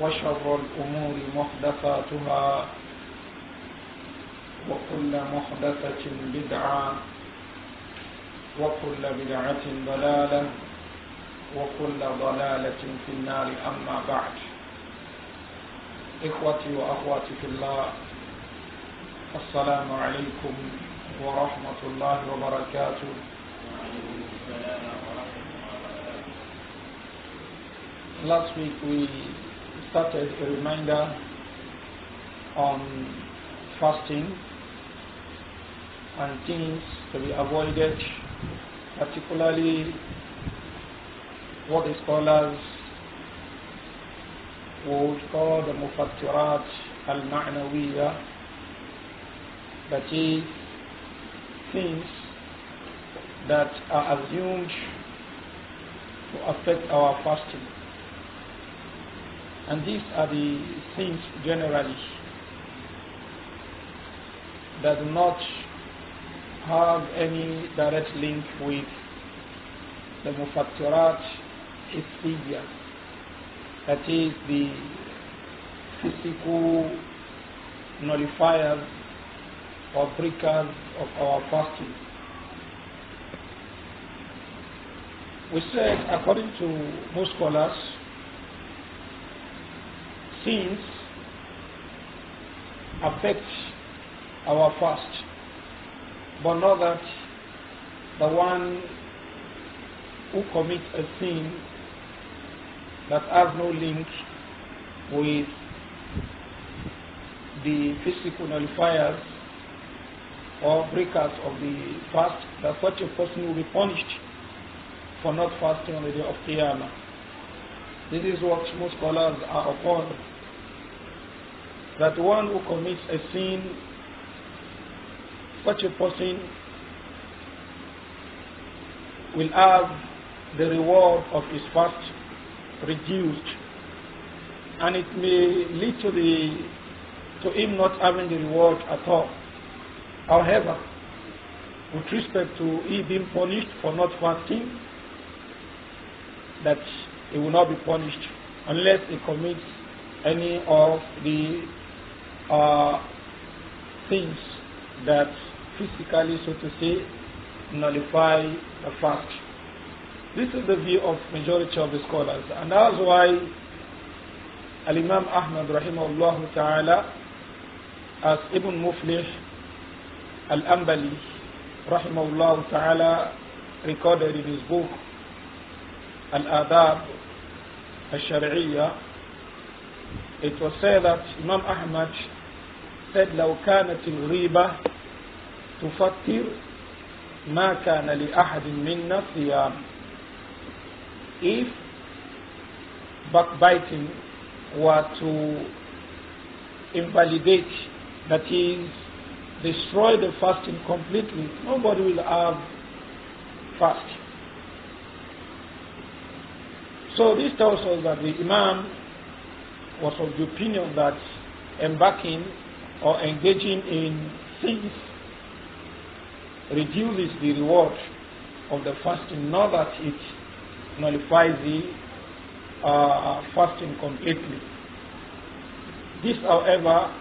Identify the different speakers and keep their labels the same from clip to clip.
Speaker 1: وشر الأمور محدثاتها وكل محدثة بدعة وكل بدعة ضلالة وكل ضلالة في النار أما بعد إخوتي وأخواتي في الله السلام عليكم ورحمة الله وبركاته Last week we started a reminder on fasting and things to be avoided, particularly what the scholars would call the Mufattirat al-Ma'nawiyya, that is, things that are assumed to affect our fasting. And these are the things generally that do not have any direct link with the Mufattirat Hissiyya, that is the physical nullifiers or breakers of our fasting. We said, according to most scholars, sins affect our fast. But know that the one who commits a sin that has no link with the physical nullifiers or breakers of the fast, that such a person will be punished for not fasting on the day of Qiyamah. This is what most scholars are upon that one who commits a sin, such a person will have the reward of his fast reduced and it may lead to the to him not having the reward at all. However, with respect to he being punished for not fasting, that he will not be punished unless he commits any of the are things that physically, so to say, nullify the fact. This is the view of majority of the scholars, and that's why Al Imam Ahmad rahimahullah ta'ala, as Ibn Muflih Al Ambali rahimahullah ta'ala recorded in his book Al Adab Al Shari'iyya, it was said that Imam Ahmad لو كانت الغيبة تفطر ما كان لأحد منا صيام if backbiting were to invalidate that is destroy the fasting completely nobody will have fast so this tells us that the imam was of the opinion that embarking or engaging in sins reduces the reward of the fasting, not that it nullifies the uh, fasting completely. This, however,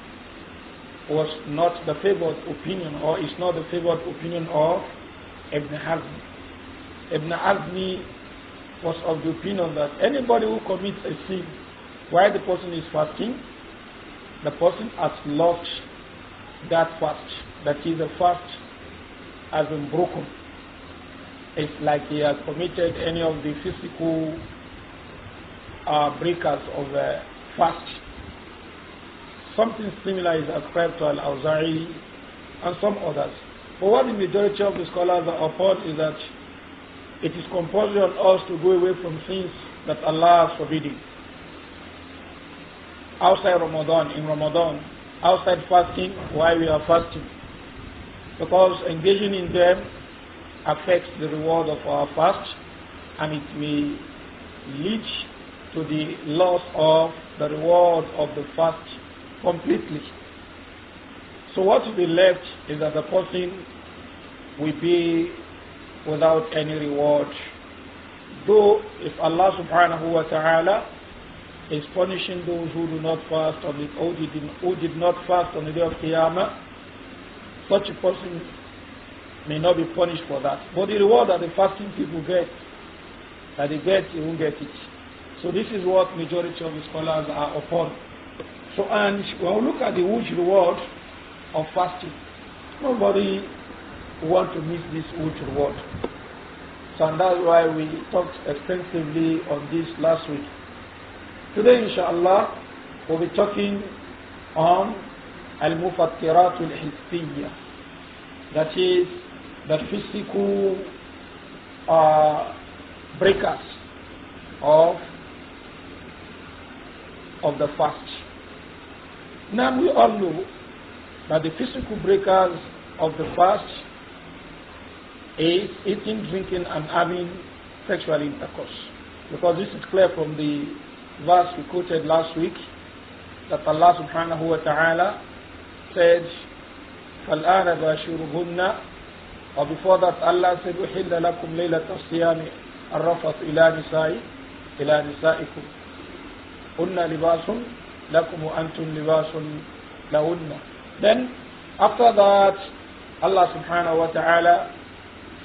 Speaker 1: was not the favored opinion or is not the favored opinion of Ibn Hazm. Ibn Hazm was of the opinion that anybody who commits a sin while the person is fasting the person has lost that fast. That is, the fast has been broken. It's like he has committed any of the physical uh, breakers of the fast. Something similar is ascribed to Al-Awza'i and some others. But what the majority of the scholars are upon is that it is compulsory on us to go away from things that Allah has forbidden outside Ramadan, in Ramadan, outside fasting, while we are fasting. Because engaging in them affects the reward of our fast and it may lead to the loss of the reward of the fast completely. So what will be left is that the person will be without any reward. Though if Allah subhanahu wa ta'ala is punishing those who do not fast on the, who did, who did not fast on the day of Qiyamah. Such a person may not be punished for that. But the reward that the fasting people get, that they get, they won't get it. So this is what majority of the scholars are upon. So and when we look at the huge reward of fasting, nobody want to miss this huge reward. So and that's why we talked extensively on this last week. Today, inshallah, we'll be talking on Al-Mufattirat al-Hissiyya. is, the physical uh, breakers of, of the fast. Now, we all know that the physical breakers of the fast is eating, drinking, and having sexual intercourse. Because this is clear from the verse we quoted last week that Allah subhanahu wa ta'ala said, فَالْآنَ بَاشِرُهُنَّ Or before that Allah said, وَحِلَّ لَكُمْ لَيْلَةَ الصِّيَامِ الرَّفَثُ إِلَى نِسَاءِ إِلَى نِسَائِكُمْ هُنَّ لِبَاسٌ لَكُمْ وَأَنْتُمْ لِبَاسٌ لَهُنَّ Then, after that, Allah subhanahu wa ta'ala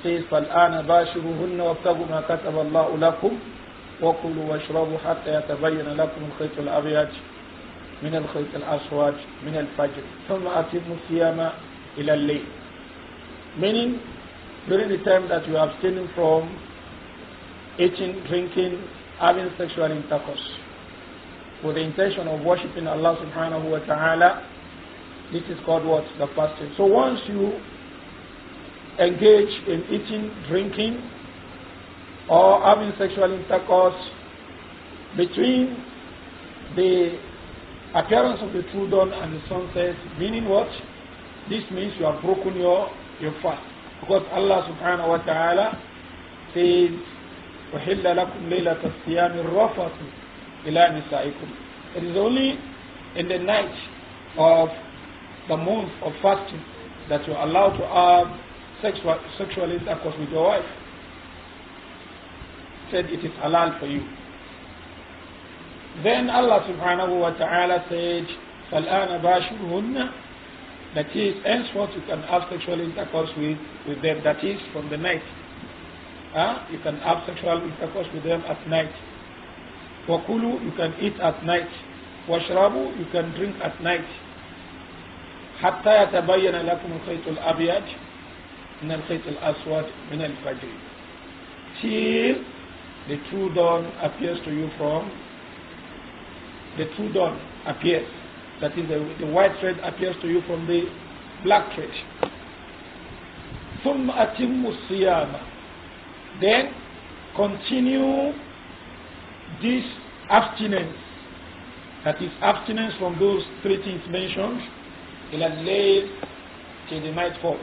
Speaker 1: says, فَالْآنَ بَاشِرُهُنَّ وَابْتَغُوا مَا كَتَبَ اللَّهُ لَكُمْ وكلوا واشربوا حتى يتبين لكم الخيط الأبيض من الخيط الأسود من الفجر ثم أتموا الصيام إلى الليل meaning during the time that you are abstaining from eating, drinking, having sexual intercourse with the intention of worshipping Allah subhanahu wa ta'ala this is called what? The fasting. So once you engage in eating, drinking, or having sexual intercourse between the appearance of the true dawn and the sunset, meaning what? This means you have broken your, your fast. Because Allah subhanahu wa ta'ala says, وَحِلَّ لَكُمْ لَيْلَةَ الصِّيَامِ الرَّفَثُ إِلَى نِسَائِكُمْ It is only in the night of the month of fasting that you are allowed to have sexual, sexual intercourse with your wife said it is halal for you. Then Allah subhanahu wa ta'ala said, فَالْآنَ بَاشِرُهُنَّ That is, henceforth you can have sexual intercourse with, with them. That is, from the night. Huh? You can have sexual intercourse with them at night. وَكُلُوا You can eat at night. وَاشْرَبُوا You can drink at night. حتى يتبين لكم الخيط الأبيض من الخيط الأسود من الفجر till the true dawn appears to you from the true dawn appears. That is, the, the white thread appears to you from the black thread. ثم أتم الصيام then continue this abstinence that is abstinence from those three things mentioned إلى الليل till the night falls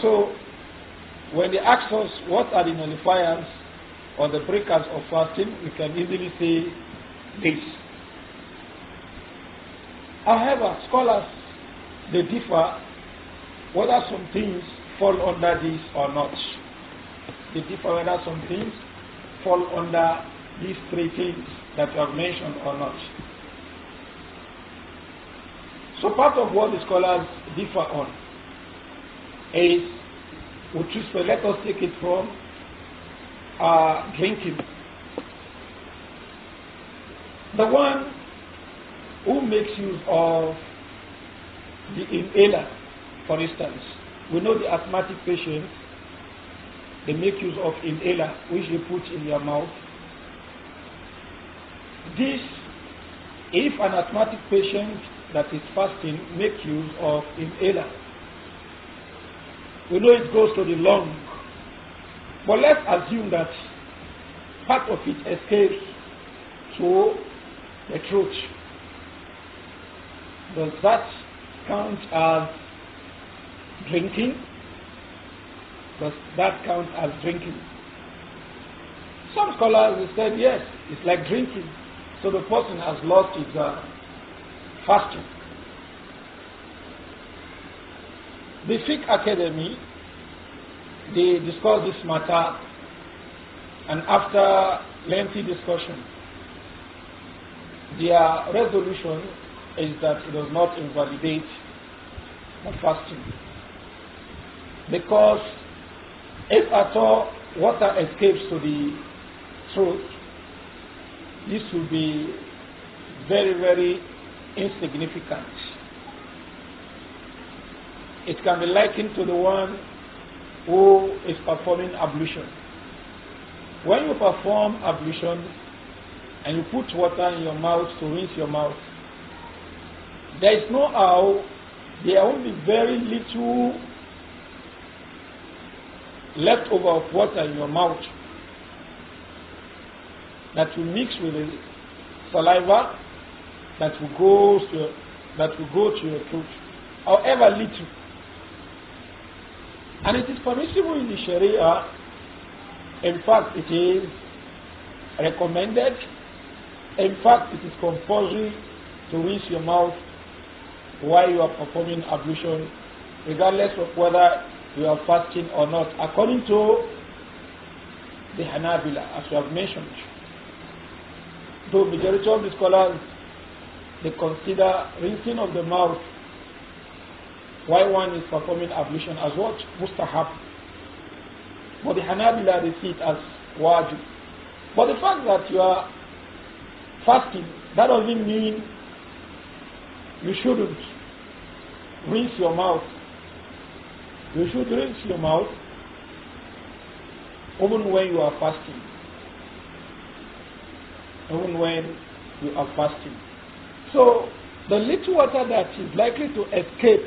Speaker 1: so when they ask us what are the nullifiers or the breakers of fasting, we can easily say this. However, scholars they differ whether some things fall under this or not. They differ whether some things fall under these three things that you have mentioned or not. So part of what the scholars differ on is which is so let us take it from uh, drinking. The one who makes use of the inhaler, for instance, we know the asthmatic patients, they make use of inhaler, which they put in their mouth. This, if an asthmatic patient that is fasting makes use of inhaler, we know it goes to the lung. But let's assume that part of it escapes to the throat. Does that count as drinking? Does that count as drinking? Some scholars have said yes, it's like drinking. So the person has lost his uh, fasting. The Fiqh Academy, they discussed this matter and after lengthy discussion, their resolution is that it does not invalidate the fasting. Because if at all water escapes to the throat, this will be very, very insignificant it can be likened to the one who is performing ablution. When you perform ablution and you put water in your mouth to rinse your mouth, there is no how, there will be very little leftover of water in your mouth that will mix with the saliva that will go to your, that will go to your throat, however little. And it is permissible in the Sharia. In fact, it is recommended. In fact, it is compulsory to rinse your mouth while you are performing ablution, regardless of whether you are fasting or not, according to the Hanabila, as you have mentioned. Though majority of the scholars they consider rinsing of the mouth why one is performing ablution as what? Mustahab. But the Hanabila, they see it as wajib. But the fact that you are fasting, that doesn't mean you shouldn't rinse your mouth. You should rinse your mouth even when you are fasting. Even when you are fasting. So the little water that is likely to escape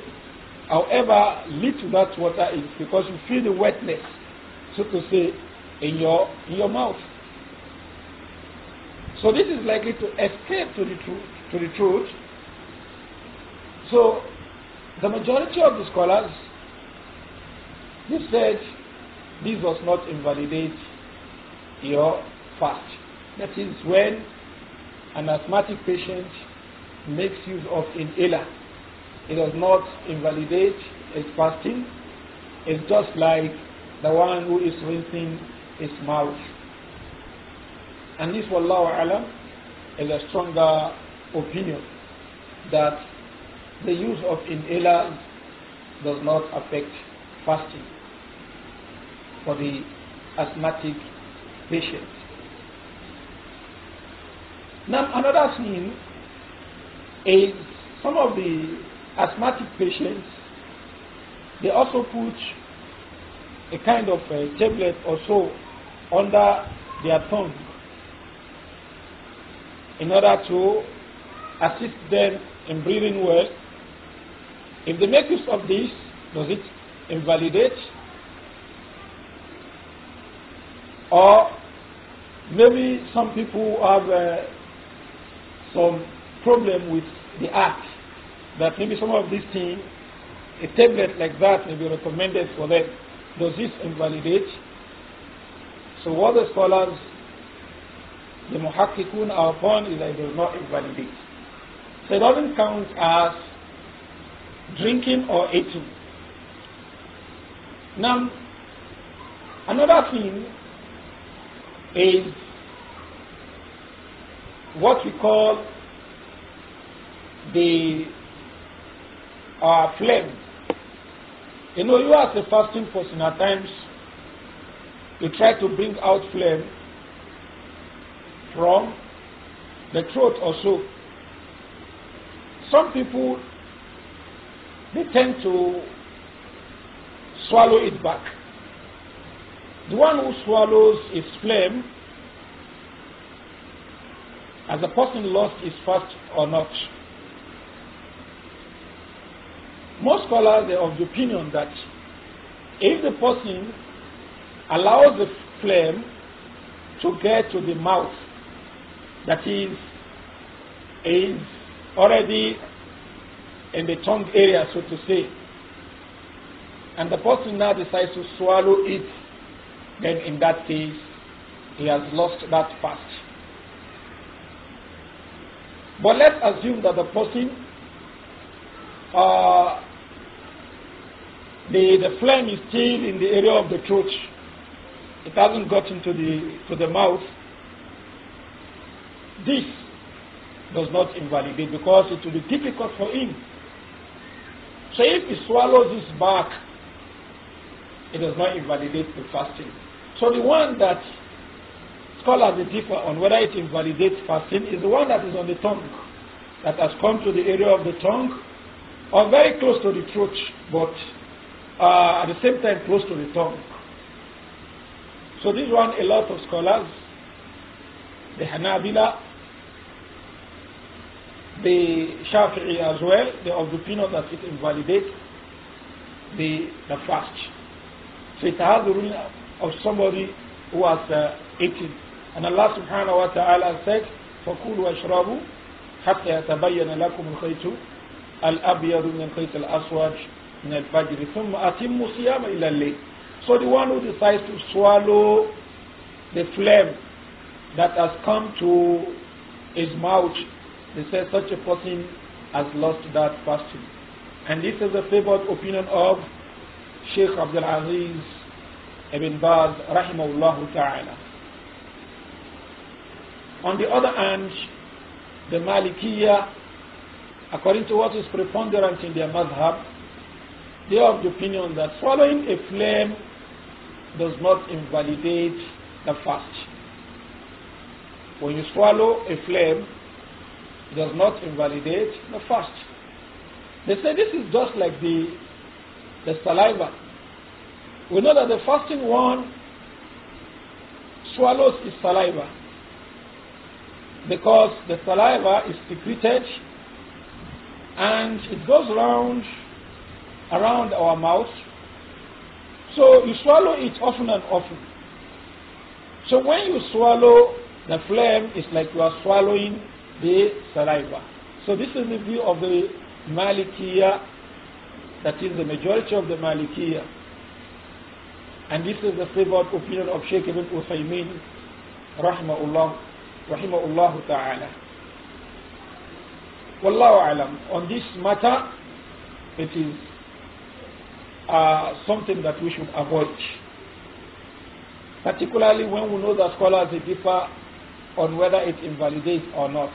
Speaker 1: However, little that water is because you feel the wetness, so to say, in your in your mouth. So this is likely to escape to the truth to the truth. So the majority of the scholars they said this does not invalidate your fast. That is when an asthmatic patient makes use of inhaler it does not invalidate his fasting. It's just like the one who is rinsing his mouth. And this, wallahu alam, is a stronger opinion that the use of inhalers does not affect fasting for the asthmatic patient. Now, another thing is some of the asthmatic patients, they also put a kind of a tablet or so under their tongue in order to assist them in breathing well. If they make use of this, does it invalidate? Or maybe some people have uh, some problem with the act that maybe some of these things, a tablet like that may be recommended for them. Does this invalidate? So what the scholars, the muhakkikun are upon is that it does not invalidate. So it doesn't count as drinking or eating. Now, another thing is what we call the uh, flame, You know, you as a fasting person at times, you try to bring out flame from the throat also. Some people, they tend to swallow it back. The one who swallows his flame, as a person lost his fast or not, most scholars are of the opinion that if the person allows the flame to get to the mouth, that is, is already in the tongue area, so to say, and the person now decides to swallow it, then in that case, he has lost that fast. But let's assume that the person uh, the, the flame is still in the area of the throat. It hasn't got into the, to the mouth. This does not invalidate because it will be difficult for him. So if he swallows his bark, it does not invalidate the fasting. So the one that scholars differ on whether it invalidates fasting is the one that is on the tongue, that has come to the area of the tongue or very close to the throat, but uh, at the same time close to the tongue. So this one, a lot of scholars, the Hanabila, the Shafi'i as well, the al of the opinion that it invalidates the, the fast. So it has the ruling of somebody who has uh, eaten. And Allah subhanahu wa ta'ala said, فَكُلُوا وَاشْرَبُوا حَتَّى يَتَبَيَّنَ لَكُمُ الْخَيْطُ الْأَبْيَضُ مِنَ الْخَيْطِ الْأَسْوَدِ so the one who decides to swallow the phlegm that has come to his mouth, they say such a person has lost that fasting. And this is a favored opinion of Sheikh Abdul Aziz Ibn Baz, rahimahullah ta'ala. On the other hand, the Malikiya, according to what is preponderant in their madhab, they are of the opinion that swallowing a flame does not invalidate the fast. When you swallow a flame, it does not invalidate the fast. They say this is just like the, the saliva. We know that the fasting one swallows his saliva because the saliva is secreted and it goes around around our mouth. So you swallow it often and often. So when you swallow the phlegm, it's like you are swallowing the saliva. So this is the view of the Malikiya, that is the majority of the Malikiya. And this is the favored opinion of Sheikh Ibn Uthaymeen, rahimahullah, rahimahullah ta'ala. Wallahu alam. On this matter, it is are something that we should avoid. Particularly when we know that scholars differ on whether it invalidates or not.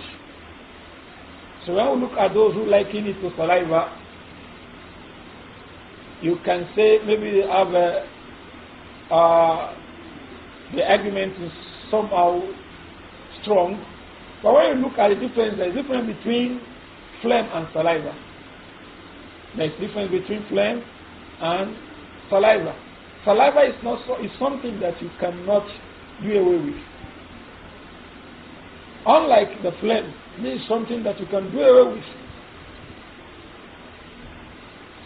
Speaker 1: So when we look at those who liken it to saliva, you can say maybe they have a, uh, the argument is somehow strong. But when you look at the difference, there is difference between phlegm and saliva. There is difference between phlegm and saliva. Saliva is not so, is something that you cannot do away with. Unlike the flame, this is something that you can do away with.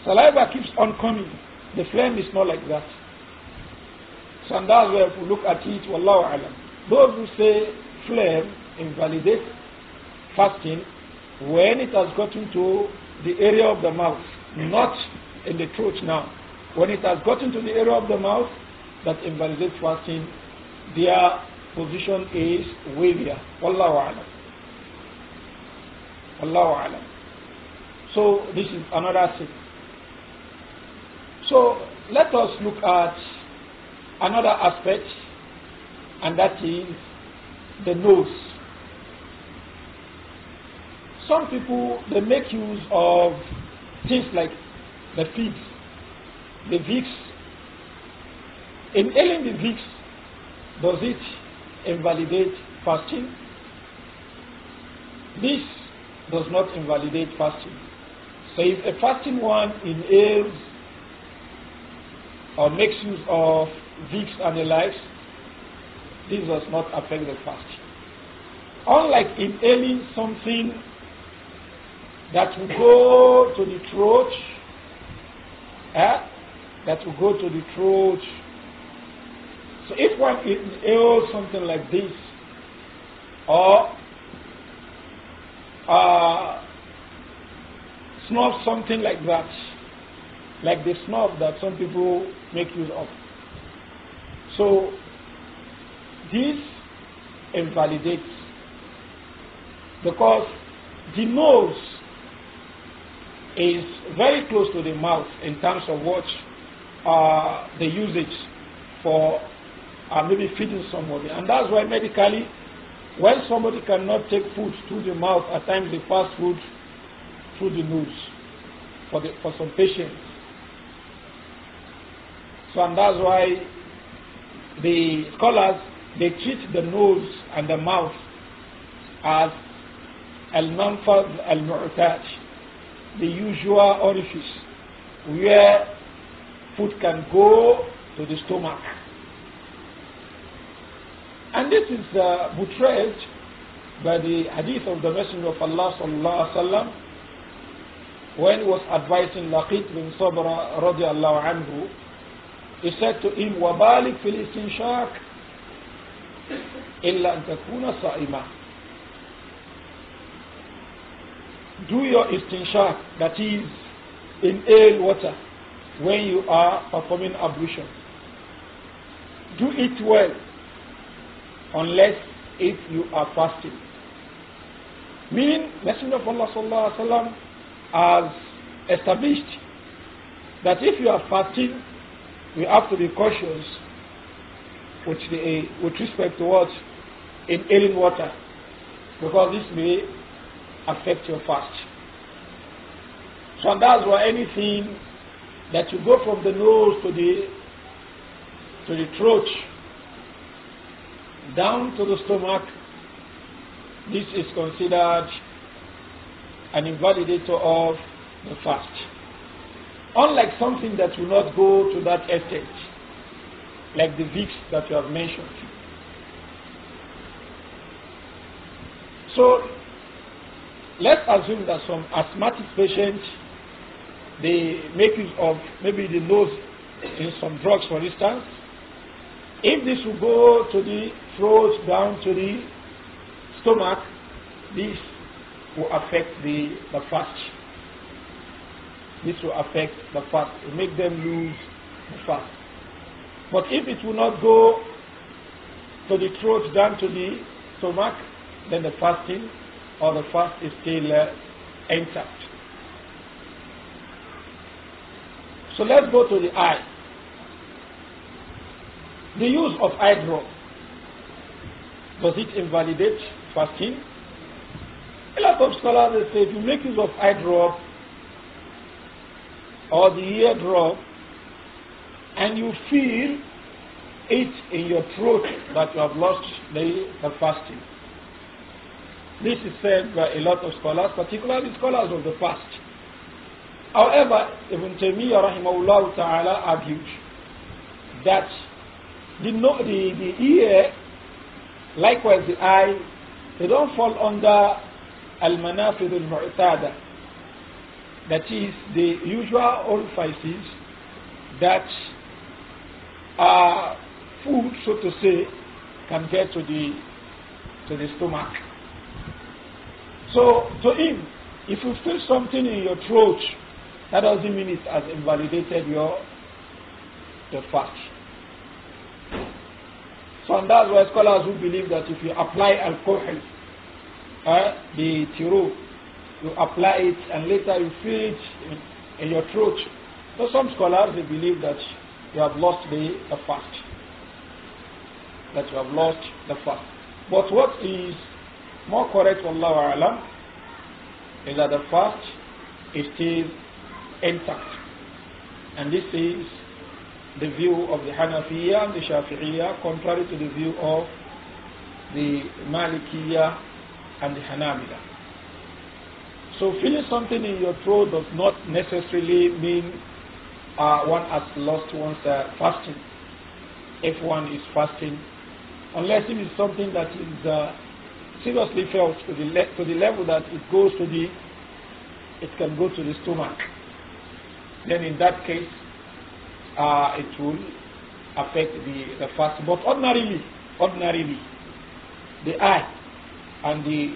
Speaker 1: Saliva keeps on coming. The flame is not like that. So and that's where if we look at it, Wallahu alam. Those who say flame invalidate fasting when it has gotten to the area of the mouth, not in the throat now. When it has gotten to the area of the mouth that invalidates fasting, their position is wavier. Wallahu alam. Wallahu alam. So this is another thing. So let us look at another aspect, and that is the nose. Some people they make use of things like the pigs, the vix. In ailing the vix, does it invalidate fasting? This does not invalidate fasting. So if a fasting one inhales or makes use of vix and the likes, this does not affect the fasting. Unlike inhaling something that will go to the throat eh, that will go to the throat. So if one ill, something like this, or uh, snuff something like that, like the snuff that some people make use of. So this invalidates because the nose is very close to the mouth in terms of what uh, the usage for uh, maybe feeding somebody. And that's why medically, when somebody cannot take food through the mouth, at times they pass food through the nose for, the, for some patients. So and that's why the scholars, they treat the nose and the mouth as al-manfad al-mu'taj, the usual orifice where food can go to the stomach. And this is uh, betrayed by the hadith of the Messenger of Allah sallallahu alaihi wasallam when he was advising Laqit bin Sabra radiallahu anhu. He said to him, وَبَالِكْ فِي الْإِسْتِنْشَاكِ إِلَّا أَن تَكُونَ صَائِمًا do your istinshak, that is, in ale water when you are performing ablution. Do it well, unless if you are fasting. Meaning, Messenger of Allah sallallahu alaihi wasallam has established that if you are fasting, you have to be cautious with, the, with respect to what? Inhaling water. Because this may affect your fast. So that's why anything that you go from the nose to the to the throat, down to the stomach, this is considered an invalidator of the fast. Unlike something that will not go to that extent, like the VIX that you have mentioned. So Let's assume that some asthmatic patients, they make use of maybe the nose in some drugs, for instance. If this will go to the throat, down to the stomach, this will affect the, the fast. This will affect the fast. It make them lose the fast. But if it will not go to the throat, down to the stomach, then the fasting or the fast is still uh, intact. So let's go to the eye. The use of eye drop. Does it invalidate fasting? A lot of scholars say if you make use of eye drop or the ear drop and you feel it in your throat that you have lost the, the fasting. This is said by a lot of scholars, particularly scholars of the past. However, Ibn Taymiyyah rahimahullah ta'ala argued that the, the, the ear, likewise the eye, they don't fall under al-manafid al-mu'tada. That is the usual orifices that are food, so to say, can get to the, to the stomach. So to him, if you feel something in your throat, that doesn't mean it has invalidated your the fact. So and that's why scholars who believe that if you apply alcohol, uh, eh, the tiro, you apply it and later you feel it in, in your throat. So some scholars they believe that you have lost the, the fact. That you have lost the fact. But what is more correct, Allah Alam, is that the fast is still intact. And this is the view of the Hanafiya and the Shafi'iyya, contrary to the view of the Malikiya and the Hanabila. So feeling something in your throat does not necessarily mean uh, one has lost one's uh, fasting, if one is fasting, unless it is something that is uh, seriously felt to the, to the level that it goes to the, it can go to the stomach, then in that case, uh, it will affect the, the fast. But ordinarily, ordinarily, the eye and the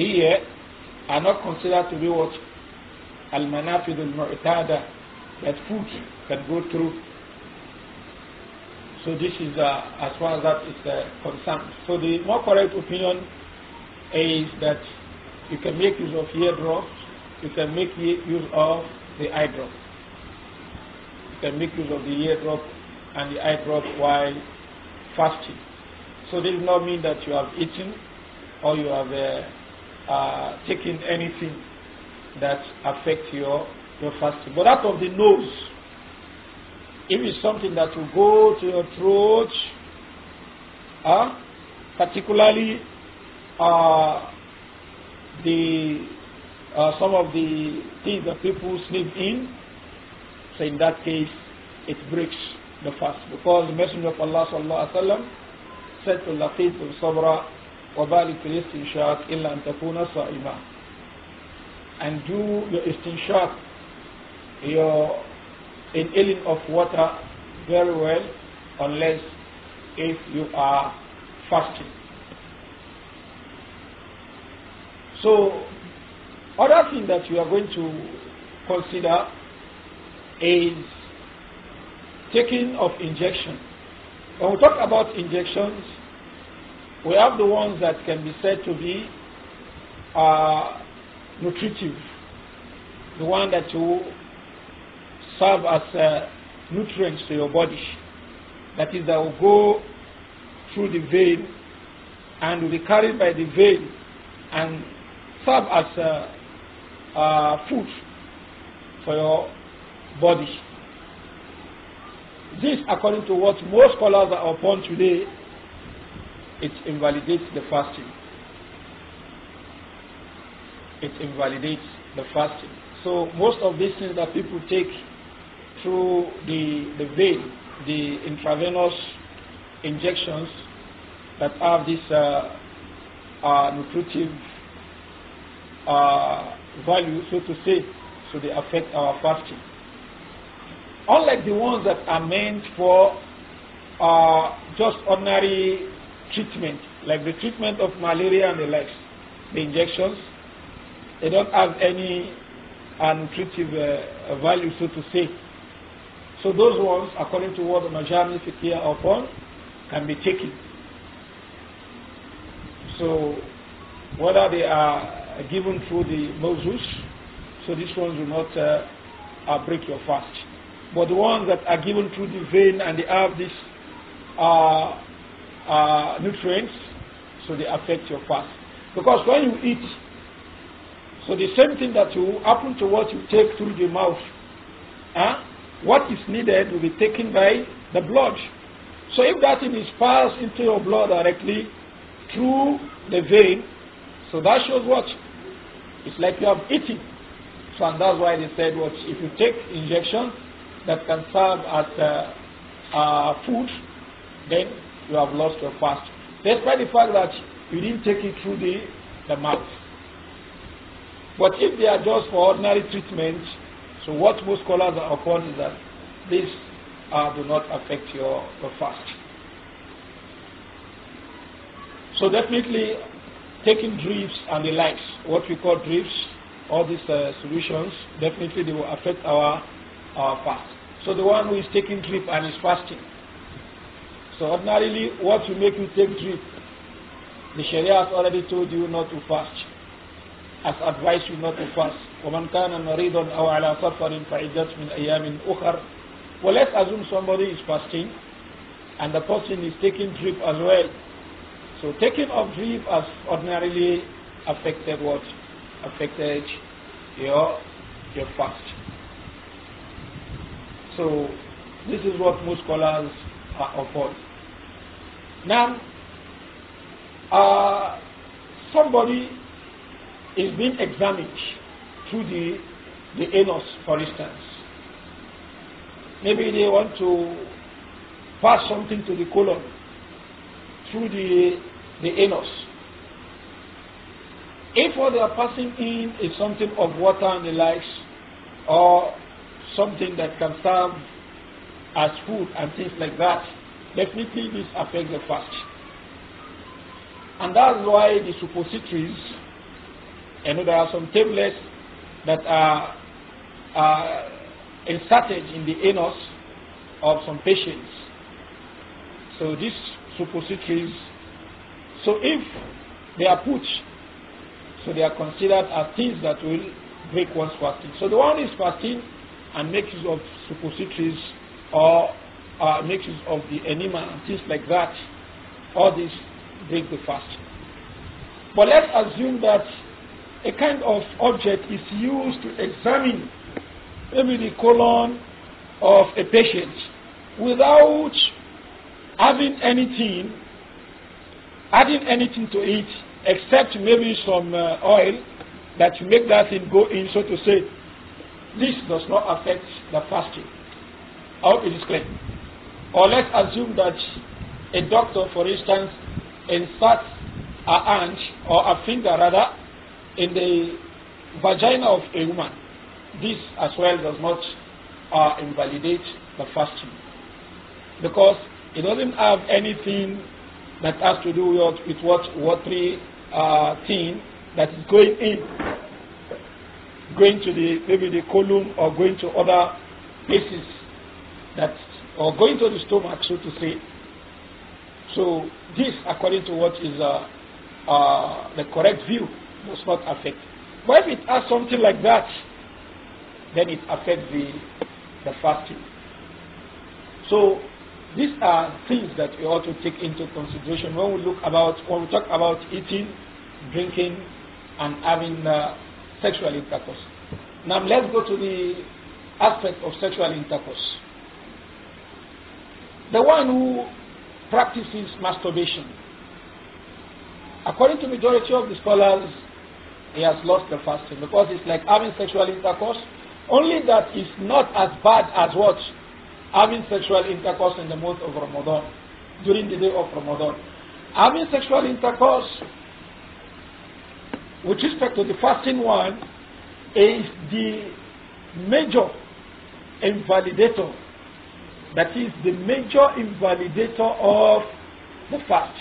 Speaker 1: ear are not considered to be what al-manafid mutada that food can go through so this is uh, as far as that is uh, concerned. So the more correct opinion is that you can make use of ear drops, you can make use of the eye drop. You can make use of the ear drop and the eye drop while fasting. So this does not mean that you have eaten or you have uh, uh, taken anything that affects your, your fasting. But out of the nose, if it's something that will go to your throat, uh, particularly uh, the uh, some of the things that people sleep in, so in that case, it breaks the fast because the Messenger of Allah sallallahu alaihi wasallam said to Latif al Sabra, وَبَالِكُ الْإِسْتِنْشَاقِ إِلَّا أَن تَكُونَ صَائِمًا And do your istinshaq, your in healing of water very well unless if you are fasting. So, other thing that you are going to consider is taking of injection. When we talk about injections, we have the ones that can be said to be uh, nutritive, the one that you serve as uh, nutrients to your body. That is, they will go through the vein and will be carried by the vein and serve as uh, uh, food for your body. This, according to what most scholars are upon today, it invalidates the fasting. It invalidates the fasting. So most of these things that people take through the, the vein, the intravenous injections that have this uh, uh, nutritive uh, value, so to say, so they affect our fasting. Unlike the ones that are meant for uh, just ordinary treatment, like the treatment of malaria and the likes, the injections, they don't have any uh, nutritive uh, value, so to say. So those ones, according to what the Majami Fiqh are upon, can be taken. So whether they are given through the Moses, so these ones will not uh, uh, break your fast. But the ones that are given through the vein and they have these uh, uh, nutrients, so they affect your fast. Because when you eat, so the same thing that will happen to what you take through the mouth, huh? what is needed will be taken by the blood. So if that thing is passed into your blood directly through the vein, so that shows what? It's like you have eaten. So and that's why they said what if you take injection that can serve as uh, uh, food, then you have lost your fast. Despite the fact that you didn't take it through the, the mouth. But if they are just for ordinary treatment, so what most scholars are upon is that these uh, do not affect your, your fast. So definitely taking drips and the likes, what we call drips, all these uh, solutions, definitely they will affect our, our fast. So the one who is taking drip and is fasting. So ordinarily, what will make you take drip? The Sharia has already told you not to fast, has advised you not to fast. ومن كان مريضا أو على سفر فعدة من أيام أخر well let's assume somebody is fasting and the person is taking drip as well so taking of drip as ordinarily affected what affected your your fast so this is what most scholars are upon now uh, somebody is being examined through the, the anus, for instance. Maybe they want to pass something to the colon through the, the anus. If what they are passing in is something of water and the likes, or something that can serve as food and things like that, definitely this affects the fast. And that's why the suppositories, I know there are some tablets that are, uh, uh, inserted in the anus of some patients. So these suppositories, so if they are put, so they are considered as things that will break one's fasting. So the one is fasting and makes use of suppositories or uh, use of the enema and things like that. All these break the fast. But let's assume that a kind of object is used to examine maybe the colon of a patient without having anything, adding anything to it except maybe some uh, oil that you make that thing go in, so to say. This does not affect the fasting. I it is clear. Or let's assume that a doctor, for instance, inserts a hand or a finger rather in the vagina of a woman, this as well does not uh, invalidate the fasting. Because it doesn't have anything that has to do with, with what watery uh, thing that is going in, going to the maybe the colon or going to other places that or going to the stomach, so to say. So this, according to what is uh, uh, the correct view does not affect. But if it has something like that, then it affects the, the fasting. So these are things that we ought to take into consideration when we look about when we talk about eating, drinking, and having uh, sexual intercourse. Now let's go to the aspect of sexual intercourse. The one who practices masturbation, according to majority of the scholars, he has lost the fasting because it's like having sexual intercourse, only that it's not as bad as what having sexual intercourse in the month of Ramadan, during the day of Ramadan. Having sexual intercourse with respect to the fasting one is the major invalidator. That is the major invalidator of the fast.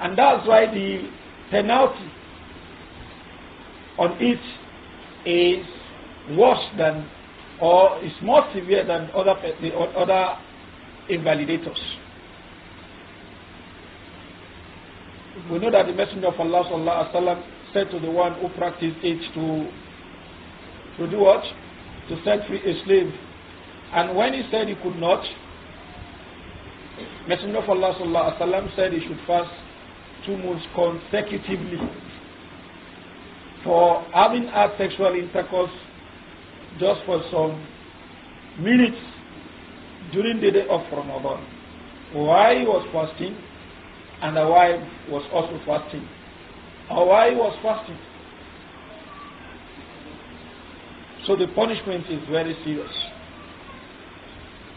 Speaker 1: And that's why the penalty on it is worse than or is more severe than other, the other invalidators. We know that the Messenger of Allah sallallahu said to the one who practiced it to, to do what? To set free a slave. And when he said he could not, Messenger of Allah sallallahu said he should fast two months consecutively for having had sexual intercourse just for some minutes during the day of Ramadan. Why he was fasting and the wife was also fasting. Or why was fasting. So the punishment is very serious.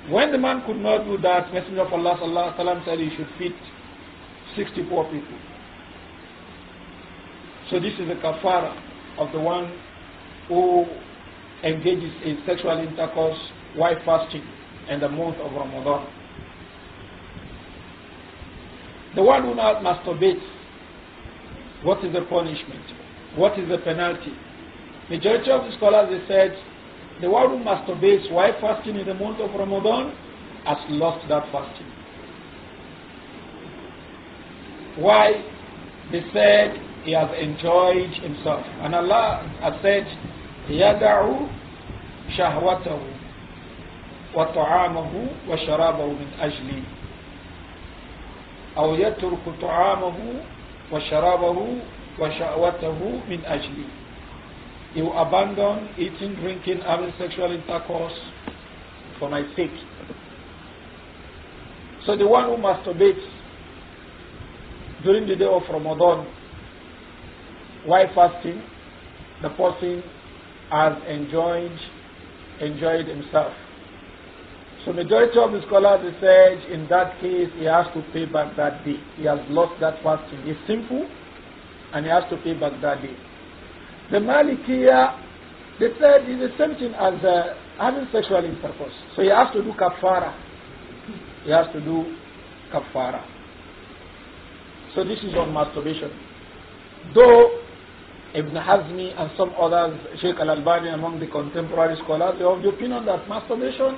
Speaker 1: When the man could not do that, Messenger of Allah sallallahu alaihi wasallam said he should feed sixty-four people. So this is the kafara of the one who engages in sexual intercourse while fasting in the month of Ramadan. The one who not masturbates, what is the punishment? What is the penalty? Majority of the scholars they said the one who masturbates while fasting in the month of Ramadan has lost that fasting. Why? They said he has enjoyed himself. And Allah has said, يَدَعُ شَهْوَتَهُ وَطَعَامَهُ وَشَرَابَهُ مِنْ أَجْلِي أو يترك طعامه وشرابه وشهوته من أجلي He will abandon eating, drinking, having sexual intercourse for my sake. So the one who masturbates during the day of Ramadan while fasting, the person has enjoyed, enjoyed himself. So majority of the scholars they said in that case he has to pay back that day. He has lost that fasting. It's simple and he has to pay back that day. The Malikiya they said it's the same thing as uh, having sexual intercourse. So he has to do kafara. He has to do kafara. So this is on masturbation. Though Ibn Hazmi and some others, Sheikh Al-Albani among the contemporary scholars, they have the opinion that masturbation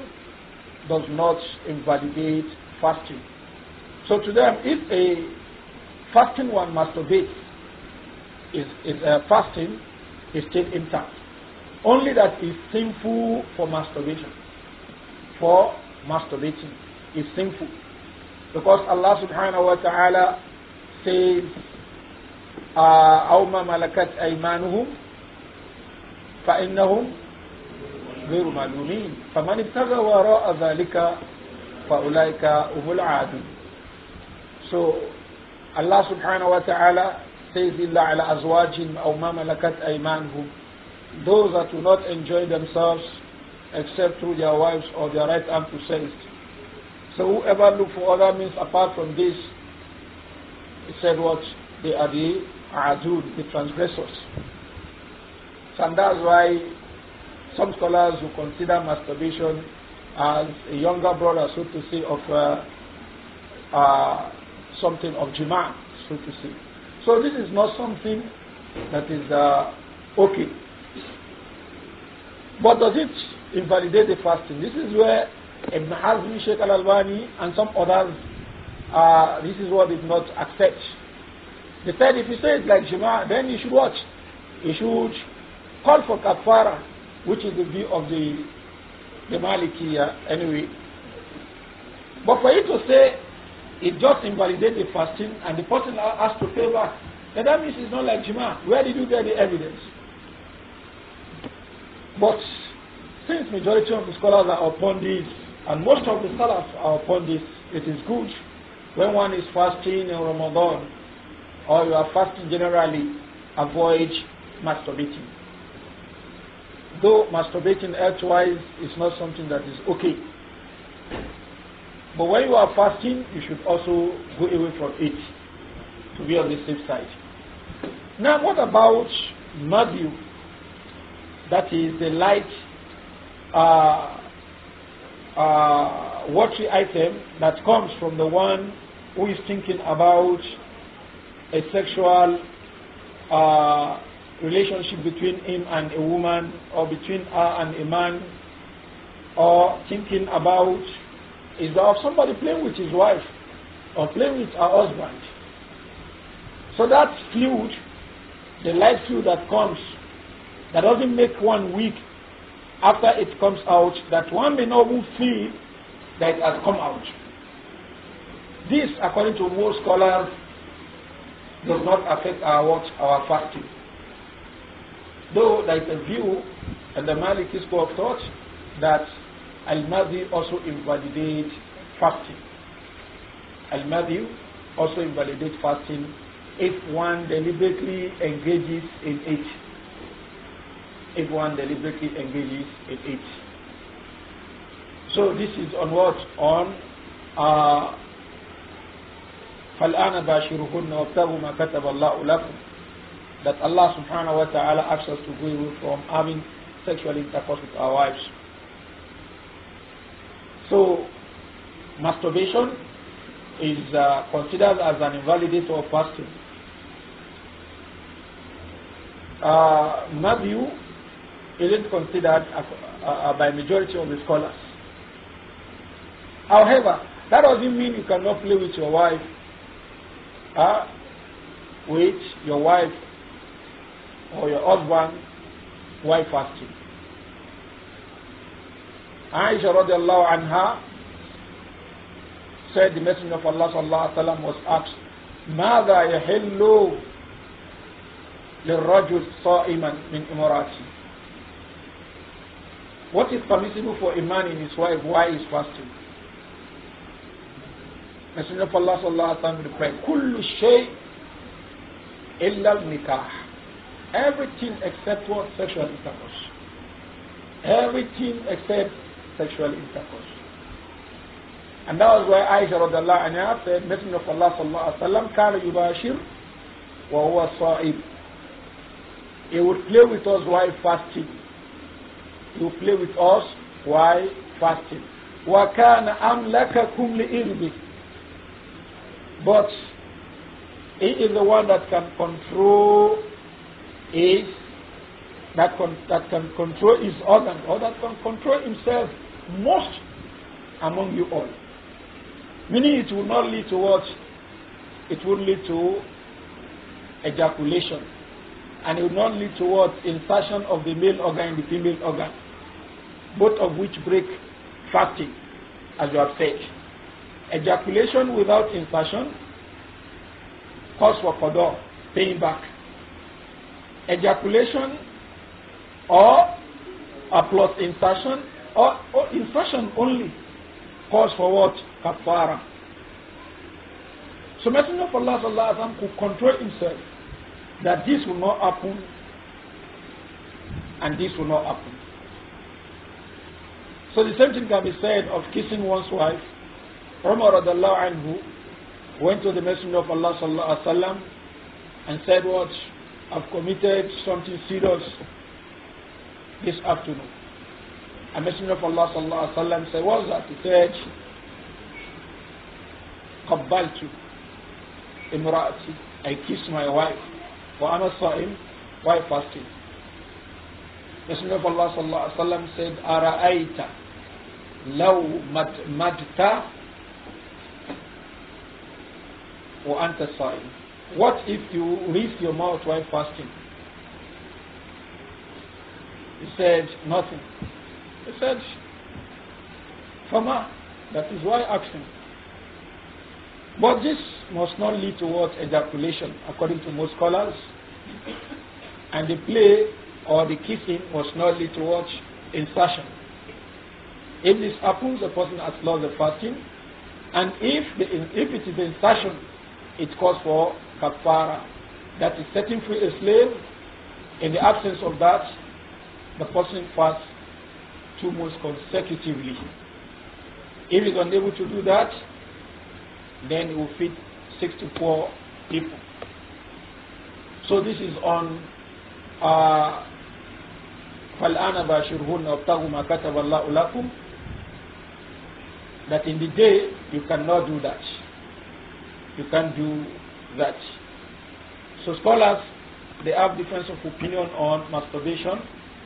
Speaker 1: does not invalidate fasting. So to them, if a fasting one masturbates, is, is uh, fasting is still intact. Only that is sinful for masturbation. For masturbating is sinful. Because Allah subhanahu wa ta'ala says, أو ما ملكت أيمانهم فإنهم غير معلومين فمن ابتغى وراء ذلك فأولئك هم العادون So Allah subhanahu wa ta'ala says إلا على أزواجهم أو ما ملكت أيمانهم Those that do not enjoy themselves except through their wives or their right arm to sell it. So whoever look for other means apart from this, he said what? They are the adud, the transgressors. And that's why some scholars who consider masturbation as a younger brother, so to say, of uh, uh, something of jima, so to say. So this is not something that is uh, okay. But does it invalidate the fasting? This is where Ibn Hazm, Sheikh Al-Albani, and some others, uh, this is what did not accept. The third, if you say it like Jama'ah, then you should watch. You should call for kafara, which is the view of the, the Malikiya uh, anyway. But for you to say it just invalidates the fasting and the person has to pay back, then that means it's not like Jama'ah. Where did you get the evidence? But since majority of the scholars are upon this, and most of the scholars are upon this, it is good when one is fasting in Ramadan or you are fasting generally, avoid masturbating. Though masturbating health-wise is not something that is okay. But when you are fasting, you should also go away from it to be on the safe side. Now, what about Matthew? That is the light, uh, uh, watery item that comes from the one who is thinking about a sexual uh, relationship between him and a woman or between her and a man or thinking about is that of somebody playing with his wife or playing with her husband. So that fluid, the life fluid that comes, that doesn't make one weak after it comes out, that one may not even feel that it has come out. This, according to most scholars, does not affect our watch, our fasting. Though there is a view and the Maliki school of thought that Al-Madhi also invalidates fasting. Al-Madhi also invalidates fasting if one deliberately engages in it. If one deliberately engages in it. So this is on what? On uh, فَالْآنَ بَاشِرُهُنَّ وَابْتَغُوا مَا كَتَبَ اللَّهُ لَكُمْ That Allah subhanahu wa ta'ala asks us to go away from having sexual intercourse with our wives. So, masturbation is uh, considered as an invalidator of fasting. Uh, view isn't considered uh, uh, by majority of the scholars. However, that doesn't mean you cannot play with your wife huh, which your wife or your husband while fasting. Aisha radiallahu anha said the Messenger of Allah sallallahu alaihi wasallam was asked, ماذا يحل للرجل saiman min امراته What is permissible for a man and his wife while he is fasting? Messenger of Allah sallallahu alaihi wasallam replied, "Kullu shay illa nikah." Everything except what sexual intercourse. Everything except sexual intercourse. And that was why Aisha radiallahu anha said, Messenger of Allah sallallahu alaihi wasallam, "Kana yubashir wa huwa sa'ib." He would play with us while fasting. He would play with us while fasting. وَكَانَ أَمْلَكَكُمْ لِإِرْبِكَ but he is the one that can control his, that, con, that can control his organ, or that can control himself most among you all. Meaning it will not lead to what? It will lead to ejaculation. And it will not lead to what? Insertion of the male organ in the female organ. Both of which break fasting, as you have said. Ejaculation without insertion calls for qadar, paying back. Ejaculation or a plus insertion or, or insertion only calls for what? Kafara. So Messenger of Allah sallallahu alaihi wasallam could control himself that this will not happen and this will not happen. So the same thing can be said of kissing one's wife Umar radiallahu anhu went to the Messenger of Allah sallallahu alaihi wasallam and said, "What? I've committed something serious this afternoon." A Messenger of Allah sallallahu alaihi wasallam said, "What's that?" He said, "Qabbaltu imraati." I kissed my wife. Wa ana sa'im, why fasting? Messenger of Allah sallallahu alaihi wasallam said, "Ara'aita law mat madta." وأنت صائم What if you lift your mouth while fasting? He said, nothing. He said, Fama, that is why action. But this must not lead towards ejaculation, according to most scholars. And the play or the kissing must not lead towards insertion. If this happens, the person has lost the fasting. And if, the, if it is the insertion it calls for kafara. That is setting free a slave. In the absence of that, the person fasts two months consecutively. If he's unable to do that, then he will feed 64 people. So this is on uh, فَالْآنَ بَاشِرْهُنَّ وَابْتَغُوا مَا كَتَبَ اللَّهُ لَكُمْ That in the day, you cannot do that you can't do that. So scholars, they have difference of opinion on masturbation,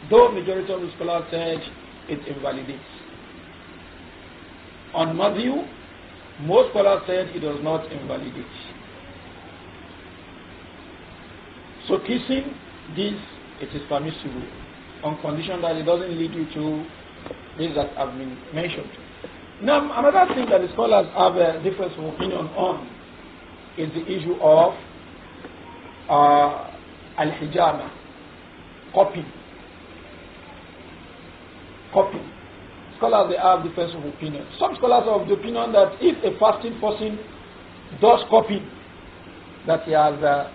Speaker 1: though majority of the scholars said it invalidates. On Matthew, most scholars said it does not invalidate. So kissing, this, it is permissible on condition that it doesn't lead you to things that have been mentioned. Now, another thing that the scholars have a uh, difference of opinion on is the issue of uh, al-hijama, copy. Copy. Scholars, they have different opinions. opinion. Some scholars are of the opinion that if a fasting person does copy, that he has, uh,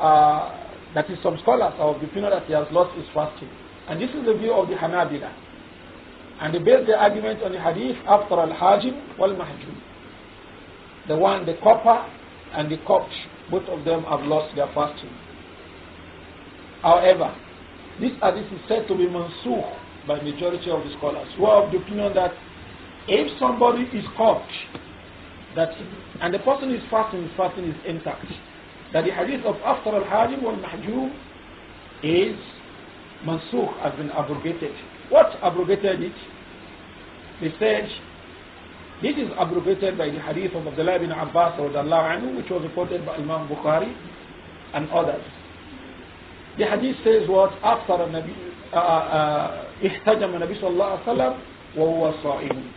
Speaker 1: uh, that is some scholars are of the opinion that he has lost his fasting. And this is the view of the Hanabila. And they base their argument on the hadith after al-hajim wal-mahjum. The one, the copper and the Copts, both of them have lost their fasting. However, this hadith is said to be mansukh by majority of the scholars who are of the opinion that if somebody is caught that and the person is fasting, fasting is intact, that the hadith of after al-hajim wal mahjum is mansukh has been abrogated. What abrogated it? They said this is abrogated by the hadith of Abdullah ibn Abbas anhu, which was reported by Imam Bukhari and others. The hadith says what? After a Nabi, احتجم النبي صلى الله عليه وسلم وهو صائم.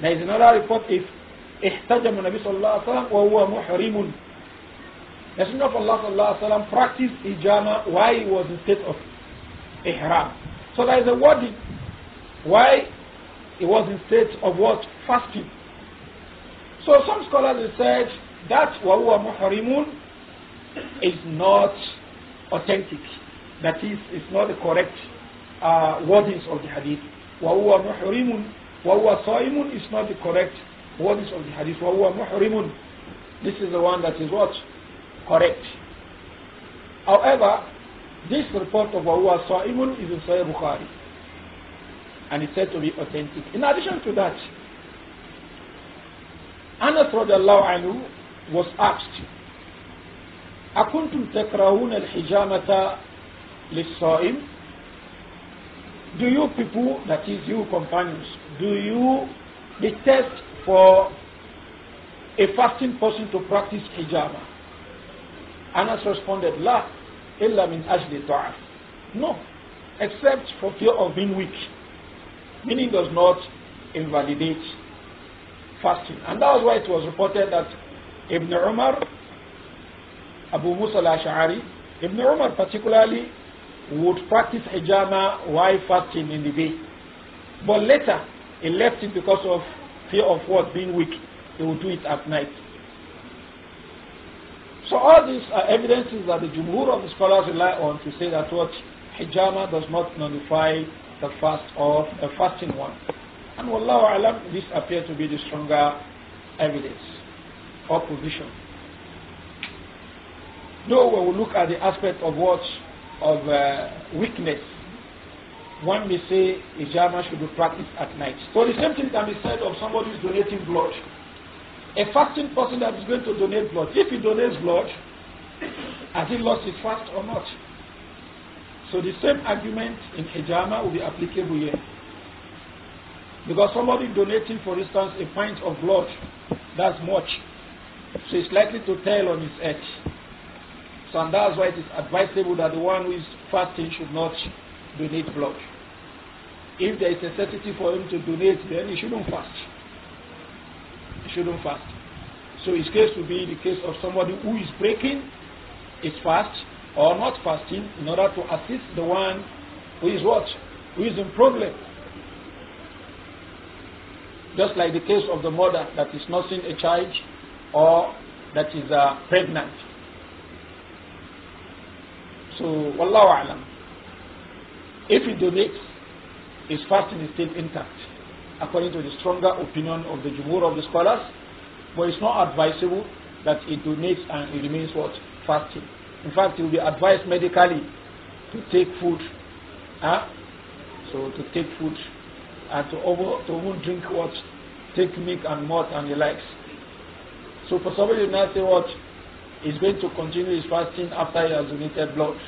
Speaker 1: There is another report if احتجم النبي صلى الله عليه وسلم وهو The Messenger of Allah sallallahu alaihi wasallam practiced ijama Why he was in state of ihram. So there is a wording why he was in state of what? Fasting. So some scholars have said that وَهُوَ مُحْرِمٌ is not authentic. That is, it's not the correct uh, wordings of the hadith. وَهُوَ مُحْرِمٌ وَهُوَ صَائِمٌ is not the correct wordings of the hadith. وَهُوَ مُحْرِمٌ This is the one that is what? Correct. However, this report of وَهُوَ صَائِمٌ is in Sahih Bukhari and is said to be authentic. In addition to that, Anas anhu was asked, أَكُنْتُمْ تَكْرَهُونَ الْحِجَامَةَ لِلصَّائِمِ Do you people, that is you companions, do you detest for a fasting person to practice hijama? Anas responded, لَا إِلَّا مِنْ أَجْلِ طَعَةٍ No, except for fear of being weak. Meaning does not invalidate fasting. And that was why it was reported that Ibn Umar, Abu Musa al-Ash'ari, Ibn Umar particularly would practice hijama while fasting in the day. But later, he left it because of fear of what being weak. He would do it at night. So all these are evidences that the Jumhur of the scholars rely on to say that what hijama does not nullify a fast of a fasting one. And Wallahu Alam, this appears to be the stronger evidence or position. Though when we look at the aspect of what? Of uh, weakness, one may say Ijama should be practiced at night. For the same thing can be said of somebody who is donating blood. A fasting person that is going to donate blood, if he donates blood, has he lost his fast or not? So the same argument in hijama will be applicable here. Because somebody donating, for instance, a pint of blood, that's much. So it's likely to tell on his edge. So and that's why it is advisable that the one who is fasting should not donate blood. If there is necessity for him to donate, then he shouldn't fast. He shouldn't fast. So his case would be the case of somebody who is breaking his fast or not fasting in order to assist the one who is what? Who is in problem. Just like the case of the mother that is nursing a child or that is uh, pregnant. So, Wallahu Alam. If it donates, his fasting is still intact, according to the stronger opinion of the Jumhur of the scholars, but it's not advisable that it donates and it remains what? Fasting. In fact, you'll be advised medically to take food, huh? so to take food and to over to even drink what, take milk and malt and the likes. So for somebody to not say what is going to continue his fasting after he has donated blood,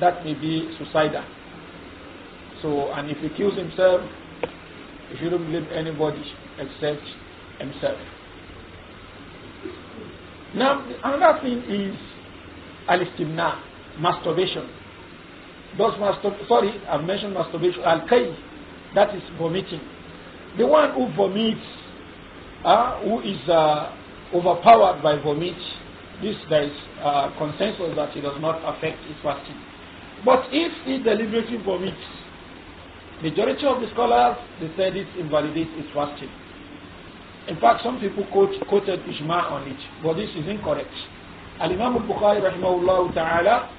Speaker 1: that may be suicidal. So and if he kills himself, he shouldn't blame anybody except himself. Now another thing is al-istimna, masturbation. Those mastur- sorry, I've mentioned masturbation, al-kay, that is vomiting. The one who vomits, uh, who is uh, overpowered by vomit, this there is uh, consensus that it does not affect his fasting. But if he deliberately vomits, majority of the scholars they said it invalidates his fasting. In fact, some people quote, quoted Ijma on it, but this is incorrect. Al-Imam al-Bukhari rahimahullah ta'ala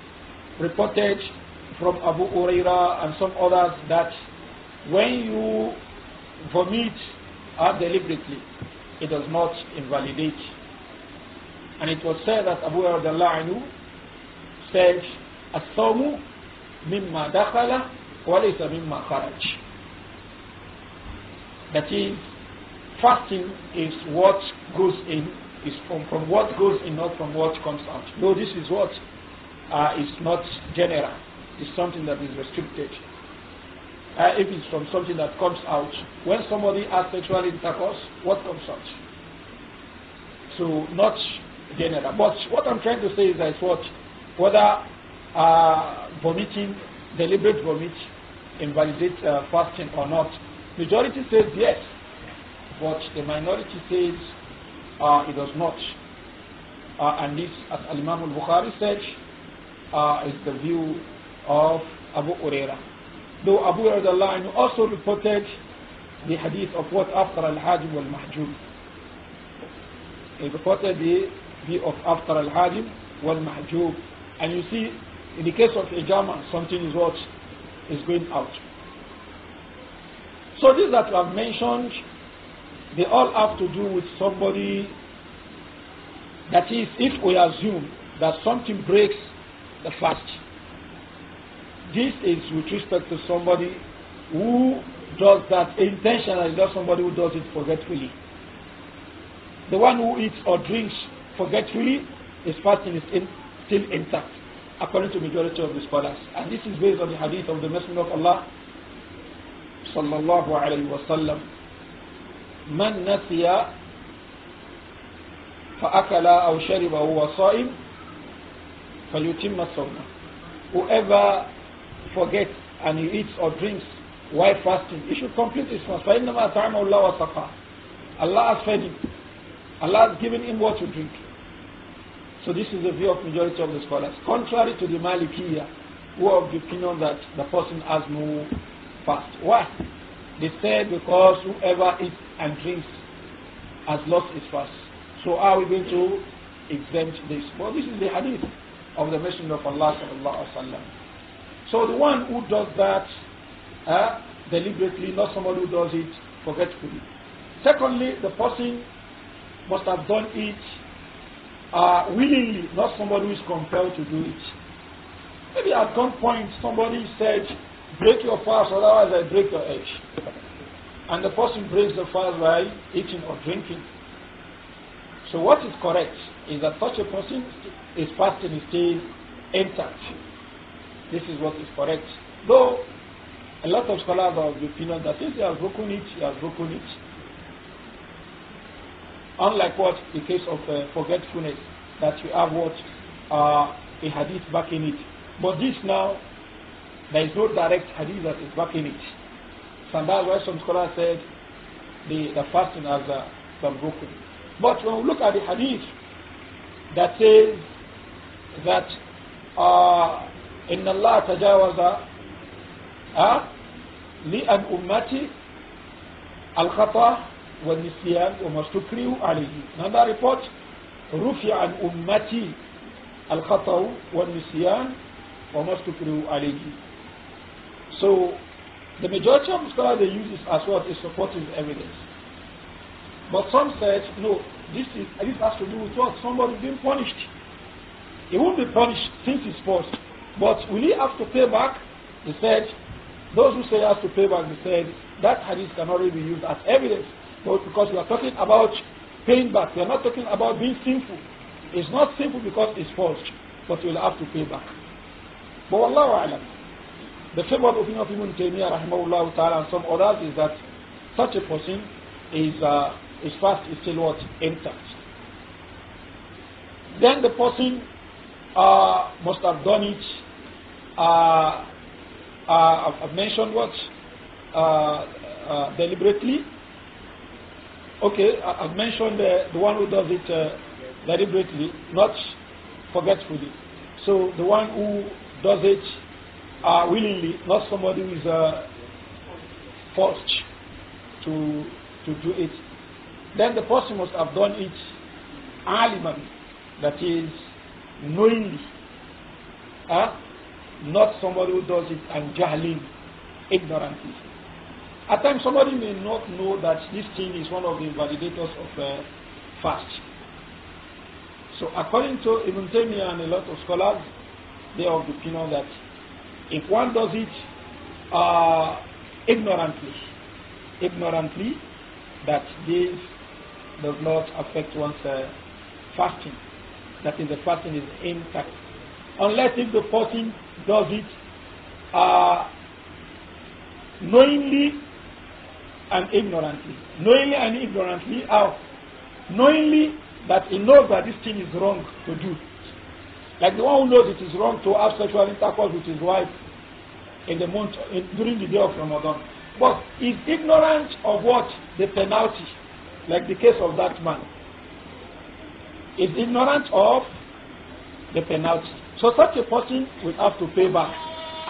Speaker 1: reported from Abu Uraira and some others that when you vomit uh, deliberately, it does not invalidate. And it was said that Abu Uraira said, الصوم مما دخل وليس mimma kharaj." that is fasting is what goes in is from, from what goes in, not from what comes out. No, this is what uh, is not general. It's something that is restricted. Uh, if it's from something that comes out, when somebody has sexual intercourse, what comes out? So not general. But what I'm trying to say is that what whether uh, vomiting, deliberate vomit, invalidates uh, fasting or not. Majority says yes, but the minority says uh, it does not. Uh, and this, as Imam al-Bukhari said, uh, is the view of Abu Uraira. Though Abu Uraira also reported the hadith of what after al-Hajim wal-Mahjum. He reported the view of after al-Hajim wal-Mahjub. And you see, in the case of Ijama, something is what is going out. So these that we have mentioned they all have to do with somebody. That is, if we assume that something breaks the fast, this is with respect to somebody who does that intentionally, not somebody who does it forgetfully. The one who eats or drinks forgetfully, his fasting is in, still intact, according to majority of the scholars. And this is based on the hadith of the Messenger of Allah, sallallahu alaihi wasallam. من نسي فأكل أو شرب وهو صائم فليتم الصوم whoever forgets and he eats or drinks while fasting he should complete his fast فإنما أطعمه الله وسقاه Allah has fed him Allah has given him what to drink so this is the view of majority of the scholars contrary to the Malikiya who have the opinion that the person has no fast why they said because whoever eats and drinks has lost his fast. So are we going to exempt this? Well, this is the hadith of the Messenger of Allah So the one who does that uh, deliberately, not someone who does it forgetfully. Secondly, the person must have done it uh, willingly, not somebody who is compelled to do it. Maybe at some point somebody said, break your fast, otherwise I break your edge. And the person breaks the fast by eating or drinking. So what is correct is that such a person is fasting stays intact. This is what is correct. Though a lot of scholars are of the opinion that if he has broken it, he has broken it. Unlike what the case of uh, forgetfulness that you have what uh, a hadith back in it. But this now there is no direct hadith that is backing it. Sometimes why some scholars said the, the fasting as a broken. But when we look at the hadith that says that uh in Allah Tajawaza a uh, li an ummati al khata wa nisyan wa mastukriu alayhi. Another report Rufi an ummati al khata wa nisyan wa mastukriu so the majority of the scholars they use this as what is supportive evidence. But some said, no, this, is, this has to do with what? Somebody being punished. He won't be punished since it's false. But will he have to pay back? They said, those who say he has to pay back, they said, that hadith can already be used as evidence. But because we are talking about paying back, we are not talking about being sinful. It's not sinful because it's false, but you will have to pay back. But Allah Alam. The favorite opinion of Ibn Taymiyyah rahimahullah ta'ala and some others is that such a person is uh, is fast is still what intact. Then the person uh, must have done it. Uh, uh I've mentioned what uh, uh, deliberately. Okay, I've mentioned the, the one who does it deliberately, not forgetfully. So the one who does it uh, willingly, not somebody who is uh, forced to, to do it. Then the person must have done it aliman, that is, knowingly. Huh? Not somebody who does it and jahlin, ignorantly. At times, somebody may not know that this thing is one of the validators of uh, fast. So, according to Ibn Taymiyyah and a lot of scholars, they are of the opinion that if one does it uh, ignorantly, ignorantly, that this does not affect one's uh, fasting. That is, the fasting is intact. Unless if the person does it uh, knowingly and ignorantly. Knowingly and ignorantly, how? Knowingly that he knows that this thing is wrong to do like the one who knows it is wrong to have sexual intercourse with his wife in the month in, during the day of Ramadan, but is ignorant of what the penalty, like the case of that man, is ignorant of the penalty. So such a person will have to pay back,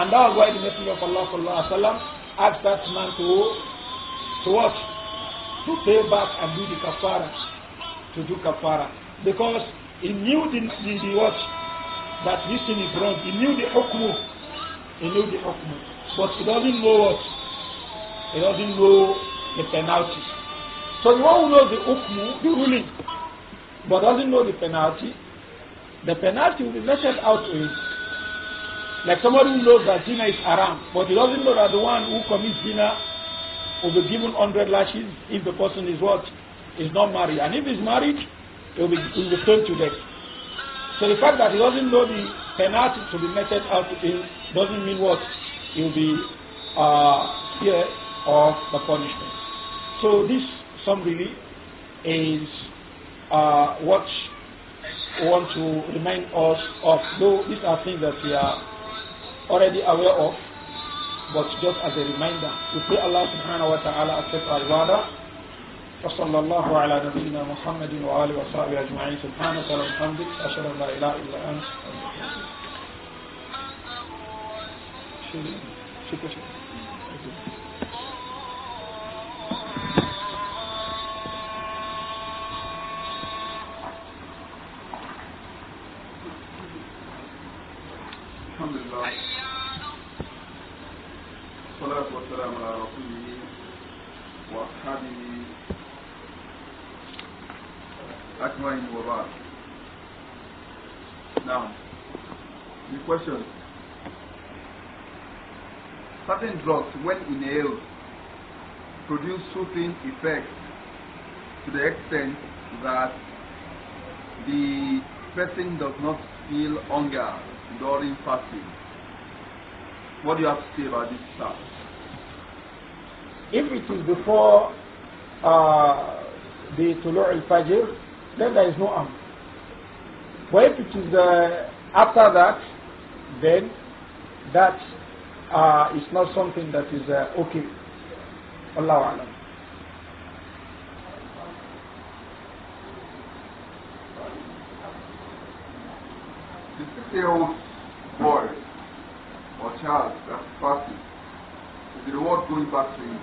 Speaker 1: and that is why the Messenger of Allah sallallahu alaihi wasallam asked that man to to what to pay back and do the kafara to do kafara because he knew the, the, the what that this is wrong. He knew the hukmu. He knew the hukmu. But he doesn't know what? He doesn't know the penalty. So the one who knows the hukmu, the ruling, but doesn't know the penalty, the penalty will be measured out to him. Like somebody who knows that dinner is haram, but he doesn't know that the one who commits dinner will be given 100 lashes if the person is what? Is not married. And if he's married, he will be, returned be stoned to death. So the fact that he doesn't know the penalty to be meted out to him doesn't mean what? He'll be uh, fear of the punishment. So this summary is uh, what we want to remind us of, though these are things that we are already aware of, but just as a reminder, we pray Allah subhanahu wa ta'ala accept our ibadah وصلى الله على نبينا محمد وآله وصحبه أجمعين سبحانك وبحمدك أشهد أن لا إله إلا أنت
Speaker 2: شكرا شكرا الحمد لله والصلاة والسلام على رسوله وأصحابه أكمل الوراء Now, the question. Certain drugs, when inhaled, produce soothing effects to the extent that the person does not feel hunger during fasting. What do you have to say about this, sir? If it is before
Speaker 1: uh, the Tulu al-Fajr, then there is no harm. But if it is uh, after that, then that uh, is not something that is uh, okay. Allah Alam.
Speaker 2: The six-year-old boy or child that's fasting, is the reward going back to him?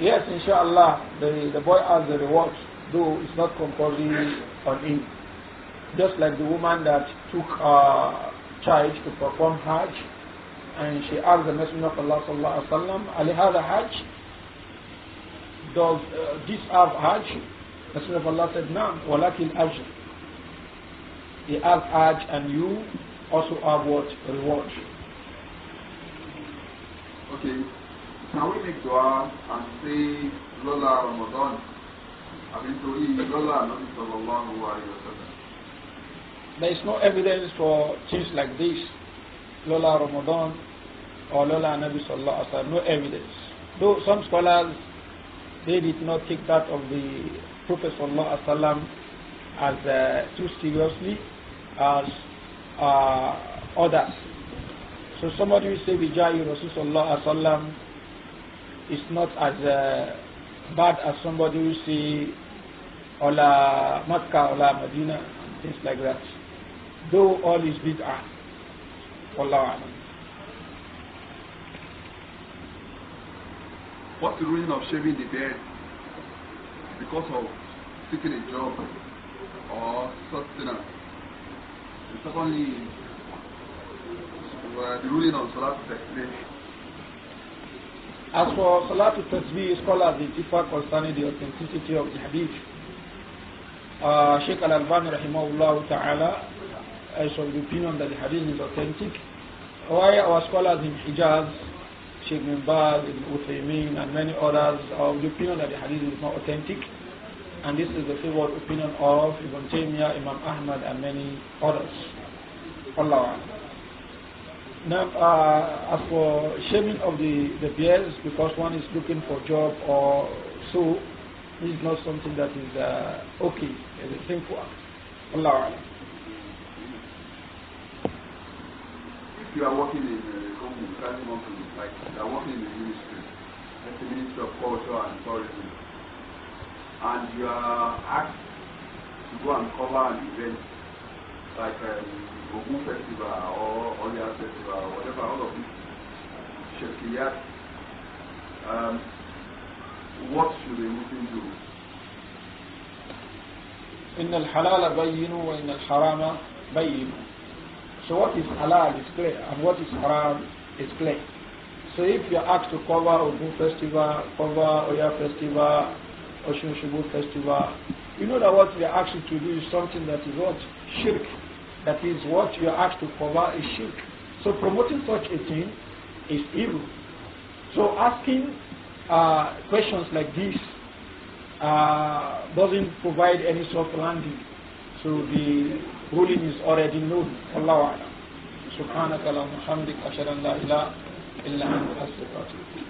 Speaker 1: Yes, inshallah, the, the boy has the reward though it's not compulsory on him. Just like the woman that took a child to perform Hajj, and she asked the Messenger of Allah sallallahu alaihi wasallam, "Alihada Hajj? Does uh, this have Hajj?" The Messenger of Allah said, "No, walakil ajr." He has Hajj, and you also have what reward.
Speaker 2: Okay, can we make dua and say Lola Ramadan there
Speaker 1: is no evidence for things like this. Lola Ramadan or Lola Nabi Sallallahu Alaihi Wasallam, no evidence. Though some scholars, they did not take that of the Prophet Sallallahu Alaihi Wasallam as uh, too seriously as uh, others. So somebody will say Vijayi Rasul Sallallahu Alaihi Wasallam is not as uh, bad as somebody will say or la Makkah or Medina, things like that. Though all is bid'ah. Wallahu alam.
Speaker 2: What's the reason of shaving the beard? Because of seeking a job or sustenance. And secondly, the ruling on Salatul Tasbih.
Speaker 1: As for Salatul Tasbih, scholars differ concerning the authenticity of the hadith. Uh, Sheikh Al-Albani rahimahullah ta'ala is of the opinion that the hadith is authentic. Why our scholars in Hijaz, Sheikh bin Baz, Ibn Uthaymeen and many others are of the opinion that the hadith is not authentic. And this is the favored opinion of Ibn Taymiyyah, Imam Ahmad and many others. Allah. Now, uh, as for shaming of the, the bears because one is looking for job or so, this is not something that is uh, okay. It's a sinful act.
Speaker 2: Allah If you are working in a company, like you are working in the ministry, like the Ministry of Culture and Tourism, and you are asked to go and cover an event like um, Ogun Festival or Oya Festival or whatever, all of these Shekiyat, um, what should a Muslim do? إن الحلال بين
Speaker 1: وإن الحرام بين So what is halal is clear and what is haram is clear. So if you're asked to cover Ogun festival, cover Oya festival, Oshun Shibu festival, you know that what you are asked to do is something that is what? Shirk. That is what you are asked to cover is shirk. So promoting such a thing is evil. So asking uh, questions like this uh, doesn't provide any soft landing. So the ruling is already known. Allahu Akbar. سبحانك اللهم وبحمدك أشهد أن لا إله إلا